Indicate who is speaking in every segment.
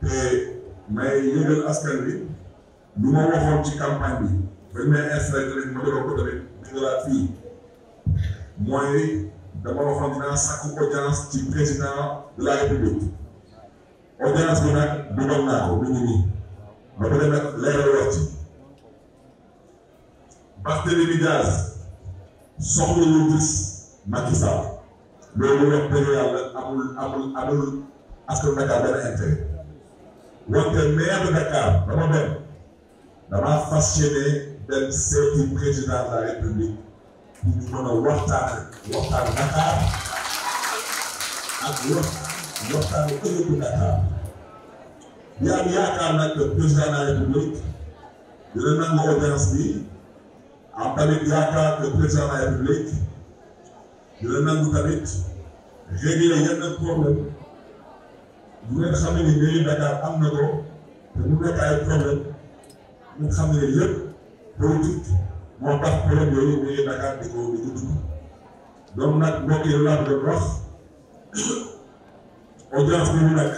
Speaker 1: te may yëgal askan bi lu ma waxoon ci campagne bi bañ may installé tamit ma joxoon ko tamit dugalaat fii mooy dama waxoon dinaa sàkku audience ci président de la république audience bi nag dugal naa ko mu ngi nii ba pare nag leeral wax ci Barthélémy Dias soxla ñu gis Macky Sall loolu wax dëgg yàlla amul amul amul askan Dakar benn intérêt wante maire de Dakar dama dem damaa fas yéene dem seetu président de la république pour ñu mën a waxtaan waxtaan Dakar ak waxtaan waxtaanu ëllëgu Dakar di am yaakaar nag que président de la république dina nangu audience bi am tamit yaakaar que président de la république dina nangu tamit régler yenn problème bu ngeen xam ne mairie Dakar am na ko te mu nekk ay problème ñu xam ne yëpp politique moo tax problème yooyu mairie Dakar di ko di ko dugg donc nag mbokk yi laa doon wax audience bi mu nekk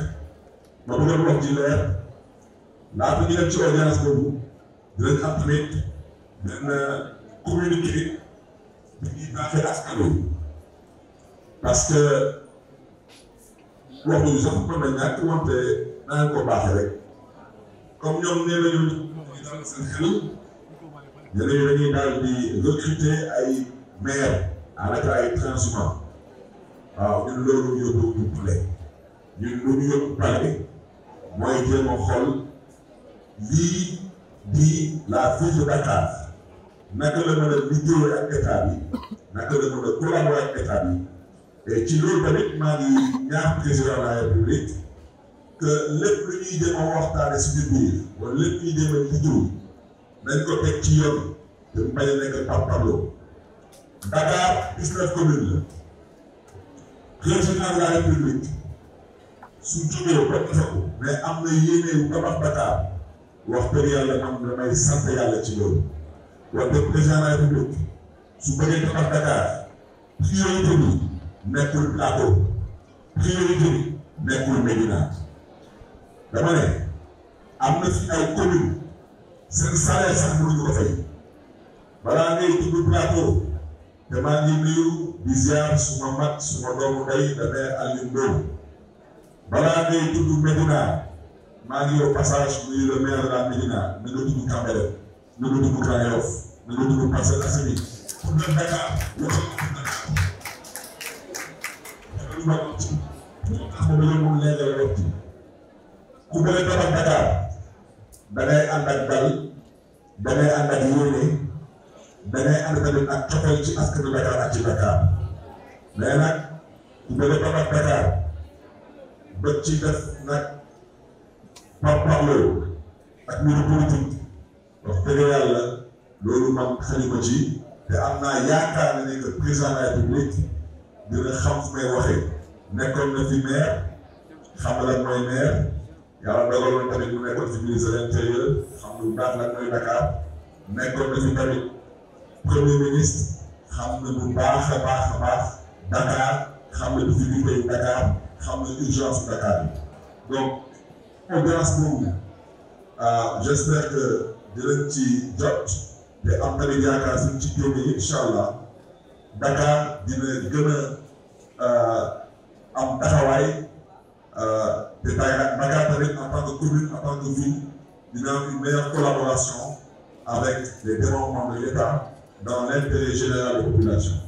Speaker 1: ma bëggoon wax ji leer laata ñu dem ci audience boobu dinañ xam tamit benn communiqué bi ñuy baaxee askan wi parce que. wax nañu sax mën na ñàkk wante naa ko baaxee rek comme ñoom nee nañu ñu daal seen xel nee nañu dañuy daal di recruter ay maire avec ay transhumants waaw ñun loolu ñu yóbbu ñu pale ñun lu ñu yóbbu pale mooy jéem a xool lii di la ville de Dakar naka la mën a liggéey ak état bi naka la mën a collaborer ak état bi. ci loolu tamit maa ngi ñaax président de la république que lépp lu ñuy jéem a waxtaane suñu biir wala lépp ñuy jéem a dijju nañ ko teg ci yoon te mu bañ a nekk par parlo Dakar dix-neuf communes la président de la république suñ jugee ba ko mais am na yéene bu tabax Dakar wax dëgg yàlla am damay sant yàlla ci loolu wax dëgg président de la république su bëggee tabax Dakar priorité bi nekkul plateau kii la ñu jógee dama ne am na fi ay commune seen salaire sax mënuñu ko fay balaa ngay dugg plateau te ngi nuyu di suma mag suma doomu day da ngay balaa ngay dugg Médina maa ngi yow passage nuyu le maire la Médina na nga dugg Cambérène na nga dugg Grand Yoff na nga dugg Parcelles Assainies pour nga Dakar waxal ñu war a wax ci parce que dañoo mun ku bëgg a tabax Dakar da ànd ak dal da ànd ak yéene da ngay ànd tamit ak coppeel ci askanu Dakar ak ci Dakar mais nag ku bëgg a tabax Dakar ba ci def nag par parlo ak mbiru politique wax dëgg yàlla loolu man xalima ci te am naa yaakaar ne que président de la dina xam fu may waxee nekkoon na fi maire xam lan mooy maire yàlla dogaloon tamit mu nekkoon fi ministre de l'intérieur xam lu baax lan mooy Dakar nekkoon fi tamit premier xam na bu baax a baax a Dakar xam na difficulté Dakar xam na urgence Dakar donc audience boobu ah j'espère que dinañ ci jot te am tamit yaakaar ci génnee incha Dakar dina gën a euh, am taxawaay euh, te Dakar tamit en tant que commune en tant que ville dina collaboration avec les démembrements de l'État dans l'intérêt général des